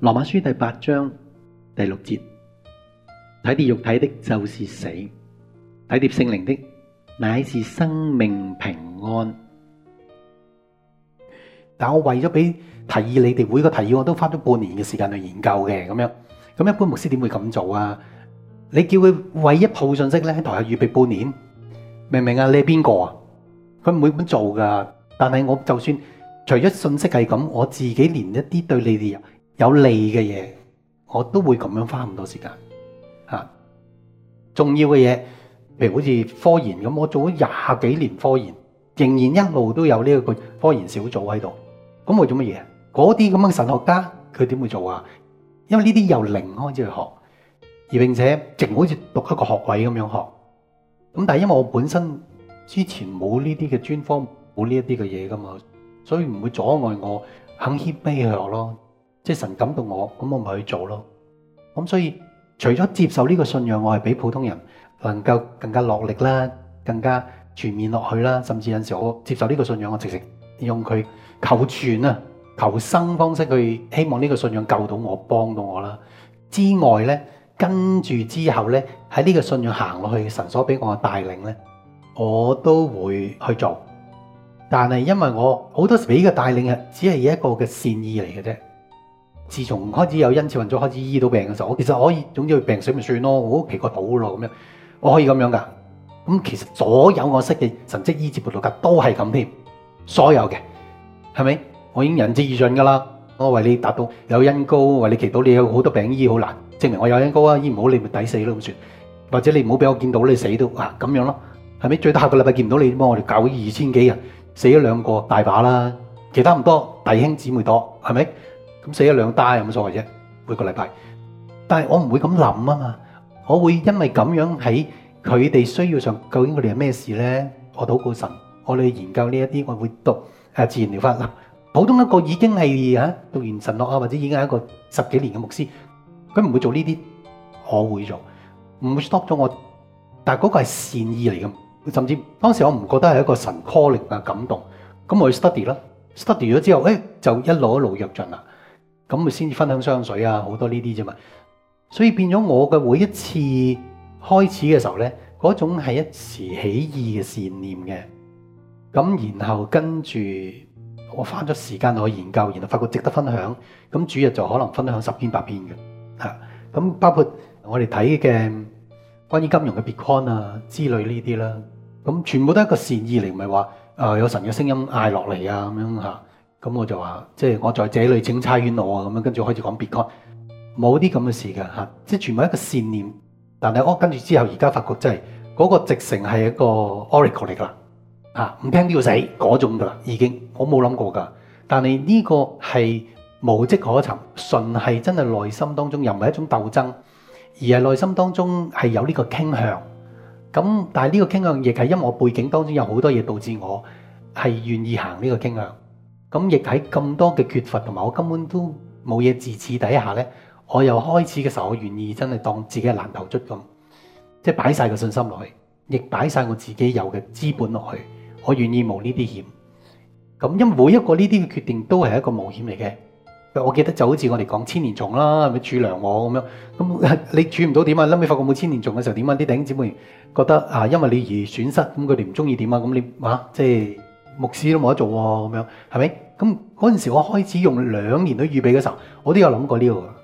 羅馬書第八章第六節，體貼肉體的就是死，體貼聖靈的乃是生命平安。但我為咗俾提議你哋每個提議，我都花咗半年嘅時間去研究嘅咁樣。咁一般牧師點會咁做啊？你叫佢為一鋪信息喺台下預備半年，明唔明啊？你係邊個啊？佢唔會咁做㗎。但係我就算除咗信息係咁，我自己連一啲對你哋。有利嘅嘢，我都會咁樣花咁多時間嚇、啊。重要嘅嘢，譬如好似科研咁，我做咗廿幾年科研，仍然一路都有呢一個科研小組喺度。咁我做乜嘢？嗰啲咁樣神學家佢點會做啊？因為呢啲由零開始去學，而並且淨好似讀一個學位咁樣學。咁但係因為我本身之前冇呢啲嘅專科，冇呢一啲嘅嘢噶嘛，所以唔會阻礙我肯謙卑去學咯。神感動我，咁我咪去做咯。咁所以除咗接受呢個信仰，我係比普通人能夠更加落力啦，更加全面落去啦。甚至有陣時我接受呢個信仰，我直接用佢求全啊、求生方式去希望呢個信仰救到我、幫到我啦。之外咧，跟住之後咧，喺呢個信仰行落去神所俾我嘅帶領咧，我都會去做。但係因為我好多時俾個帶領係只係一個嘅善意嚟嘅啫。自從開始有恩賜運作，開始醫到病嘅時候，我其實可以總之佢病死咪算咯，我祈個禱咯咁樣，我可以咁樣噶。咁其實所有我識嘅神蹟醫治佈道家都係咁添，所有嘅係咪？我已經仁至義盡噶啦，我為你達到有恩膏，為你祈到你有好多病醫好難，證明我有恩膏啊！醫唔好你咪抵死咯咁算，或者你唔好俾我見到你死都啊咁樣咯，係咪？最低下個禮拜見唔到你，幫我哋搞二千幾人，死咗兩個大把啦，其他唔多，弟兄姊妹多係咪？咁死一兩單有冇所謂啫？每個禮拜，但係我唔會咁諗啊嘛！我會因為咁樣喺佢哋需要上，究竟佢哋係咩事咧？我禱告神，我哋去研究呢一啲，我會讀誒自然療法啦。普通一個已經係嚇讀完神學啊，或者已經係一個十幾年嘅牧師，佢唔會做呢啲，我會做，唔會 stop 咗我。但係嗰個係善意嚟嘅，甚至當時我唔覺得係一個神 calling 嘅感動。咁我去 study 啦，study 咗之後，誒就一路一路躍進啦。咁先至分享香水啊，好多呢啲啫嘛。所以變咗我嘅每一次開始嘅時候呢，嗰種係一時起意嘅善念嘅。咁然後跟住我花咗時間去研究，然後發覺值得分享。咁主日就可能分享十篇八篇嘅。吓，咁包括我哋睇嘅關於金融嘅 Bitcoin 啊之類，呢啲啦。咁全部都係一個善意嚟，唔係話啊有神嘅聲音嗌落嚟啊咁樣吓咁我就話，即、就、係、是、我在者類整差我啊。咁樣，跟住開始講別確冇啲咁嘅事㗎，即係全部一個善念。但係我跟住之後，而家發覺真係嗰個直成係一個 oracle 嚟噶啦，唔聽都要死嗰種噶啦，已經我冇諗過噶。但係呢個係無跡可尋，純係真係內心當中，又唔係一種鬥爭，而係內心當中係有呢個傾向。咁但係呢個傾向亦係因為我背景當中有好多嘢導致我係願意行呢個傾向。咁亦喺咁多嘅缺乏同埋，我根本都冇嘢自持底下咧。我由開始嘅時候，我願意真係當自己係爛頭卒咁，即係擺曬個信心落去，亦擺曬我自己有嘅資本落去。我願意冒呢啲險。咁因為每一個呢啲嘅決定都係一個冒險嚟嘅。我記得就好似我哋講千年蟲啦，係咪儲糧我咁樣？咁、嗯、你儲唔到點啊？諗你發覺冇千年蟲嘅時候點啊？啲頂姊妹覺得啊，因為你而損失，咁佢哋唔中意點啊？咁你啊，即係。牧師都冇得做喎，咁樣係咪？咁嗰陣時我開始用兩年都預備嘅時候，我都有諗過呢個，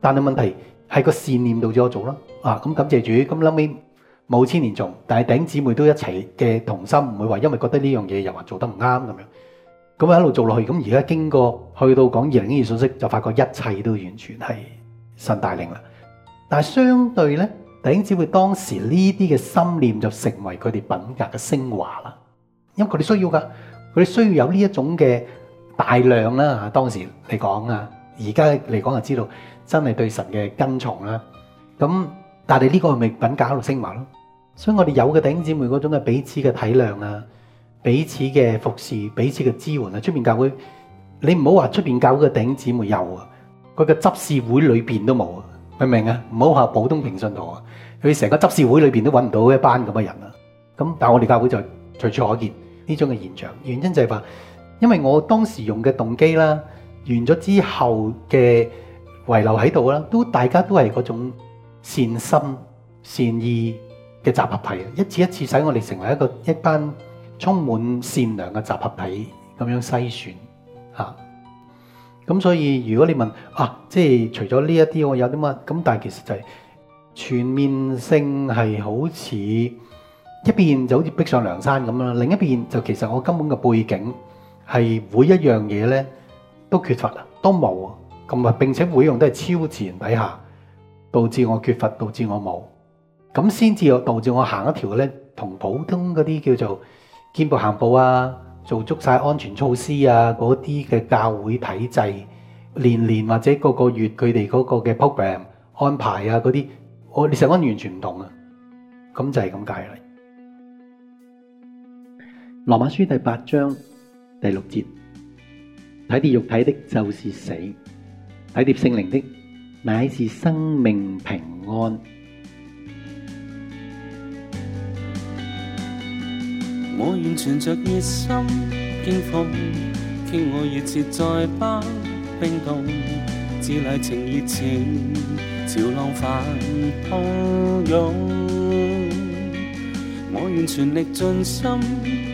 但係問題係個善念導致我做啦，啊咁感謝主，咁後尾冇千年眾，但係弟兄姊妹都一齊嘅同心，唔會話因為覺得呢樣嘢又話做得唔啱咁樣，咁我一路做落去，咁而家經過去到講二零一二信息，就發覺一切都完全係神帶領啦。但係相對咧，弟兄姊妹當時呢啲嘅心念就成為佢哋品格嘅升華啦。因為佢哋需要噶，佢哋需要有呢一種嘅大量啦。當時嚟講啊，而家嚟講就知道真係對神嘅跟從啦。咁但係呢個係咪品格一路升華咯？所以我哋有嘅弟兄姊妹嗰種嘅彼此嘅體諒啊，彼此嘅服侍，彼此嘅支援啊，出面教會你唔好話出面教嗰個弟兄姊妹有啊，佢嘅執事會裏邊都冇啊，明唔明啊？唔好話普通平信徒啊，佢成個執事會裏邊都揾唔到一班咁嘅人啊。咁但係我哋教會就隨處可見。呢種嘅現象，原因就係話，因為我當時用嘅動機啦，完咗之後嘅遺留喺度啦，都大家都係嗰種善心善意嘅集合體，一次一次使我哋成為一個一班充滿善良嘅集合體咁樣篩選嚇。咁、啊、所以如果你問啊，即係除咗呢一啲我有啲乜咁，但係其實就係全面性係好似。一邊就好似逼上梁山咁啦，另一邊就其實我根本嘅背景係每一樣嘢咧都缺乏啊，都冇咁啊。並且每樣都係超自然底下，導致我缺乏，導致我冇咁先至又導致我行一條咧，同普通嗰啲叫做見步行步啊，做足曬安全措施啊嗰啲嘅教會體制，年年或者個個月佢哋嗰個嘅 program 安排啊嗰啲，我你成間完全唔同啊，咁就係咁解啦。羅馬書第八章第六節，體貼肉體的就是死，體貼聖靈的乃是生命平安。我願存着熱心，經風，經我熱切再不冰凍，自賴情熱情，潮浪翻波湧。我願全力盡心。